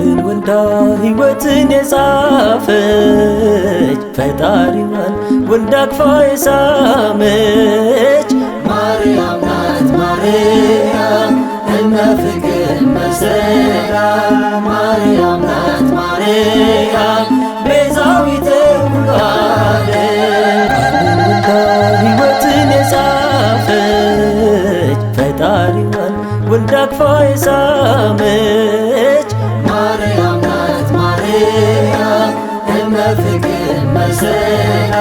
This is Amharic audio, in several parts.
ቃልን ወልዳ ሕይወትን የጻፈች ፈጣሪዋን ወልዳ አቅፋ የሳመች ማርያም ናት ማርያም እመ ፍቅር ማርያም ናት ማርያም ቤዛዊተ ኩሉ ወልዳ አቅፋ የሳመች በፍቅር መሰላ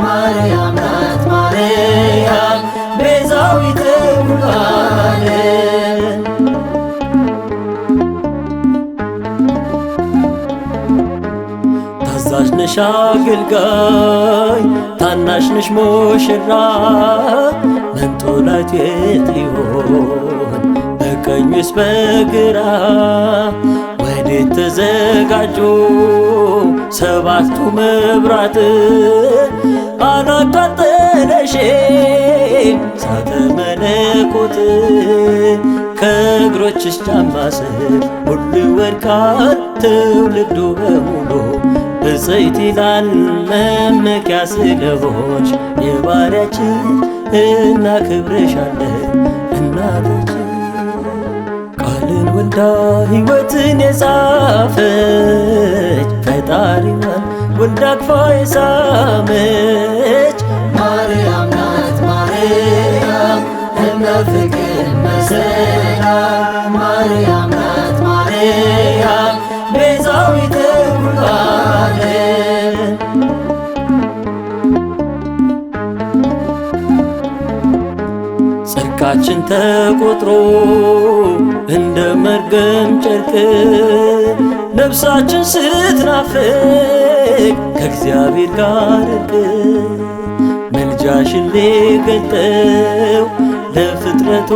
ማርያም ናት ማርያም ቤዛዊተ ሙሉዓን ታዛዥ ነሽ አገልጋይ ታናሽ ነሽ ሙሽራ መንጦላዕት የት ይሆን በቀኝስ በግራ ተዘጋጁ ሰባቱ መብራት አናቃጠለሽ ሳተ መለኮት ከእግሮችሽ ጫማ ስር ሁሉ ወድቃል ትውልዱ በሙሉ ብፅዕት ይላል መመኪያ ስለሆች የባሪያችን እና ክብረሻለ እናት ወልዳ ሕይወትን የጻፈች ፈጣሪዋን ወልዳ አቅፋ የሳመች ማርያም ናት። ማርያም እመ ፍቅር መሰላ ማርያም ናት። ማርያም ቤዛዊት ኩሉ ዓለም ተቆጥሮ እንደ መርገም ጨርቅ ነፍሳችን ስትናፍቅ ከእግዚአብሔር ጋር እርቅ መልጃሽን ልገልጠው ለፍጥረቱ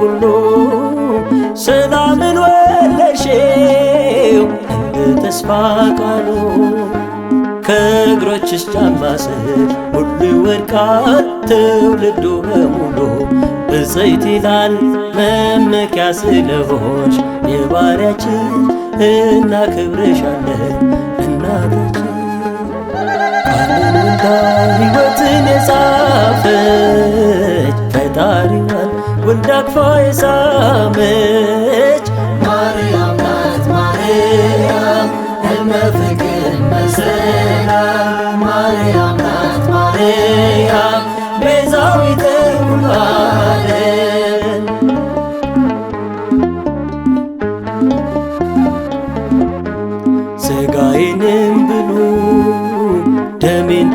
ሁሉ ሰላምን ወለድሽው እንደ ተስፋ ቃሉ ከእግሮችሽ ጫማ ስር ሁሉ ይወድቃል ትውልዱ በሙሉ ብፅዕት ይላል መመኪያ ስለሆንሽ የባሪያችን እና ክብርሻለን እናታችን ዓለምንታ ሕይወትን የጻፈች ፈጣሪዋን ወልዳ አቅፋ የሳመች ማርያም ናት ማርያም እመ ፍቅር ማርያም ናት ማርያም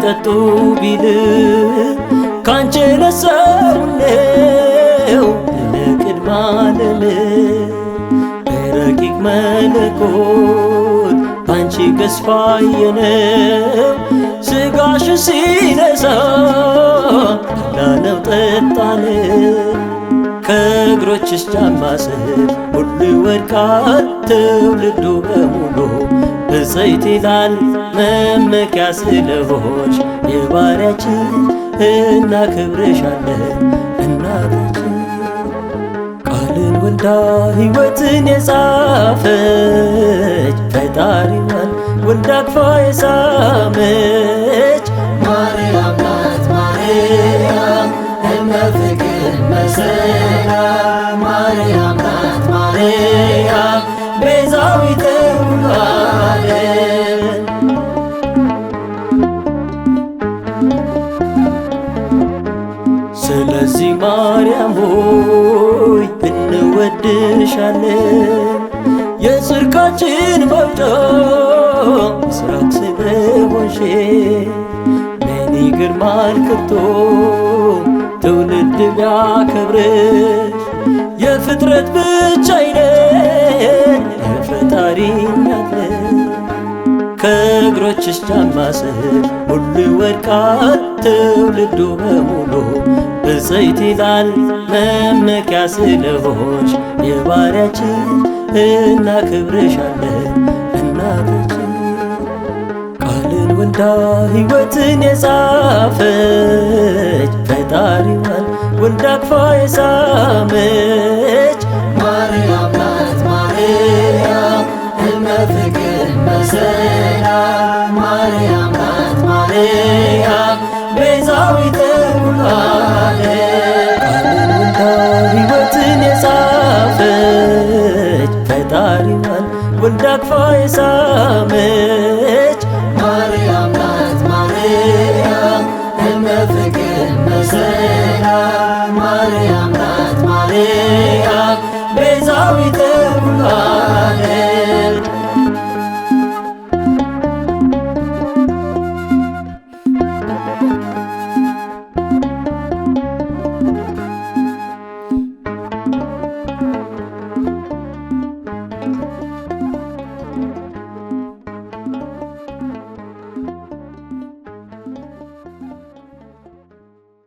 ጠጡ ቢል ካንቺ ነሰውኔው ለቅድማ ልል በረቂቅ መለኮት ባንቺ ገስፋየነው ስጋሽ ሲነሳ ላነው ጠጣን ከእግሮችሽ ጫማ ስር ሁሉ ወድቃል ትውልዱ በሙሉ ብፅዕት ይላል መመኪያ ስለሆንሽ የባሪያችን እናከብርሻለን እናታችን። ቃልን ወልዳ ሕይወትን የጻፈች ፈጣሪዋን ወልዳ አቅፋ የሳመች ማርያም ናት ማርያም እመ ፍቅር መሰላ እዚህ ማርያም ሆይ እንወድሻለን። የጽድቃችን መውጫ ምስራቅ ስለሆንሽ ለእኔ ግርማን ከቶ ትውልድ ቢያከብርሽ የፍጥረት ብቻ አይደል የፈጣሪ ከእግሮችሽ ጫማ ስር ሁሉ ይወድቃል ትውልዱ በሙሉ ብፅዕት ይላል መመኪያ ስለሆንሽ የባሪያችን እና ክብርሻለን እናታችን ቃልን ወልዳ ሕይወትን የጻፈች ፈጣሪዋን ወልዳ አቅፋ የሳመች ማርያም ናት ማርያም እመ ፍቅር መሰላል ማርያም ናት ማርያም ቤዛዊት ቃልንና ሕይወትን የጻፈች ፈጣሪዋን ወልዳ ማርያም ናት ማርያም ቤዛዊት